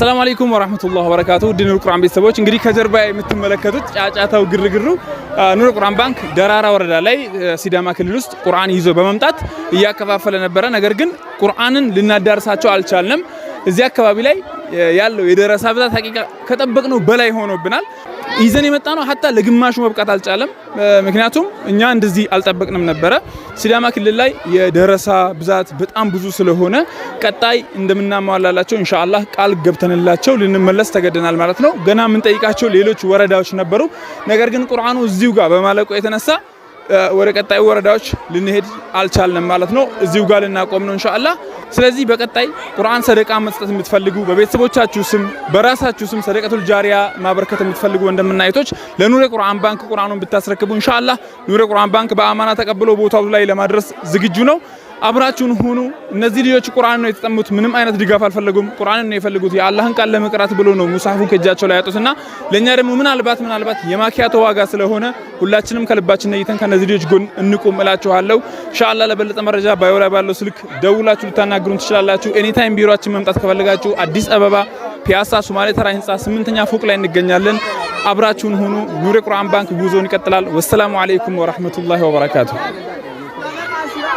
አሰላሙ አለይኩም ወራህመቱላሂ ወበረካቱ ውድ ኑር ቁርአን ቤተሰቦች እንግዲህ ከጀርባ የምትመለከቱት ጫጫታው ግርግሩ ኑር ቁርአን ባንክ ደራራ ወረዳ ላይ ሲዳማ ክልል ውስጥ ቁርአን ይዞ በመምጣት እያከፋፈለ ነበረ። ነገር ግን ቁርአንን ልናዳርሳቸው አልቻልንም። እዚህ አካባቢ ላይ ያለው የደረሳ ብዛት ሀቂቃ ከጠበቅነው በላይ ሆኖብናል። ይዘን የመጣ ነው። ሀታ ለግማሹ መብቃት አልቻለም። ምክንያቱም እኛ እንደዚህ አልጠበቅንም ነበረ። ሲዳማ ክልል ላይ የደረሳ ብዛት በጣም ብዙ ስለሆነ ቀጣይ እንደምናሟላላቸው ኢንሻአላህ ቃል ገብተንላቸው ልንመለስ ተገደናል ማለት ነው። ገና የምንጠይቃቸው ሌሎች ወረዳዎች ነበሩ። ነገር ግን ቁርአኑ እዚሁ ጋር በማለቁ የተነሳ ወደ ቀጣዩ ወረዳዎች ልንሄድ አልቻልንም ማለት ነው። እዚሁ ጋር ልናቆም ነው ኢንሻአላህ ስለዚህ በቀጣይ ቁርአን ሰደቃ መስጠት የምትፈልጉ በቤተሰቦቻችሁ ስም በራሳችሁ ስም ሰደቀቱል ጃሪያ ማበረከት የምትፈልጉ ወንድምና እህቶች ለኑረ ቁርአን ባንክ ቁርአኑን ብታስረክቡ ኢንሻአላህ ኑረ ቁርአን ባንክ በአማና ተቀብሎ ቦታው ላይ ለማድረስ ዝግጁ ነው። አብራችሁን ሁኑ። እነዚህ ልጆች ቁርአን ነው የተጠሙት። ምንም አይነት ድጋፍ አልፈለጉም። ቁርአን ነው የፈልጉት። የአላህን ቃል ለመቅራት ብሎ ነው ሙሳሐፉ ከእጃቸው ላይ ያጡትና ለእኛ ደግሞ ምናልባት ምናልባት የማኪያቶ ዋጋ ስለሆነ ሁላችንም ከልባችን ነይተን ከነዚህ ልጆች ጎን እንቁም እላችኋለሁ። ኢንሻአላህ ለበለጠ መረጃ ባዮ ላይ ባለው ስልክ ደውላችሁ ልታናግሩን ትችላላችሁ። ኤኒታይም ቢሮችን መምጣት ከፈለጋችሁ አዲስ አበባ ፒያሳ ሶማሌ ተራ ህንፃ ስምንተኛ ፎቅ ላይ እንገኛለን። አብራችሁን ሁኑ። ኑር ቁርአን ባንክ ጉዞን ይቀጥላል። ወሰላሙ አለይኩም ወራህመቱላሂ ወበረካቱ።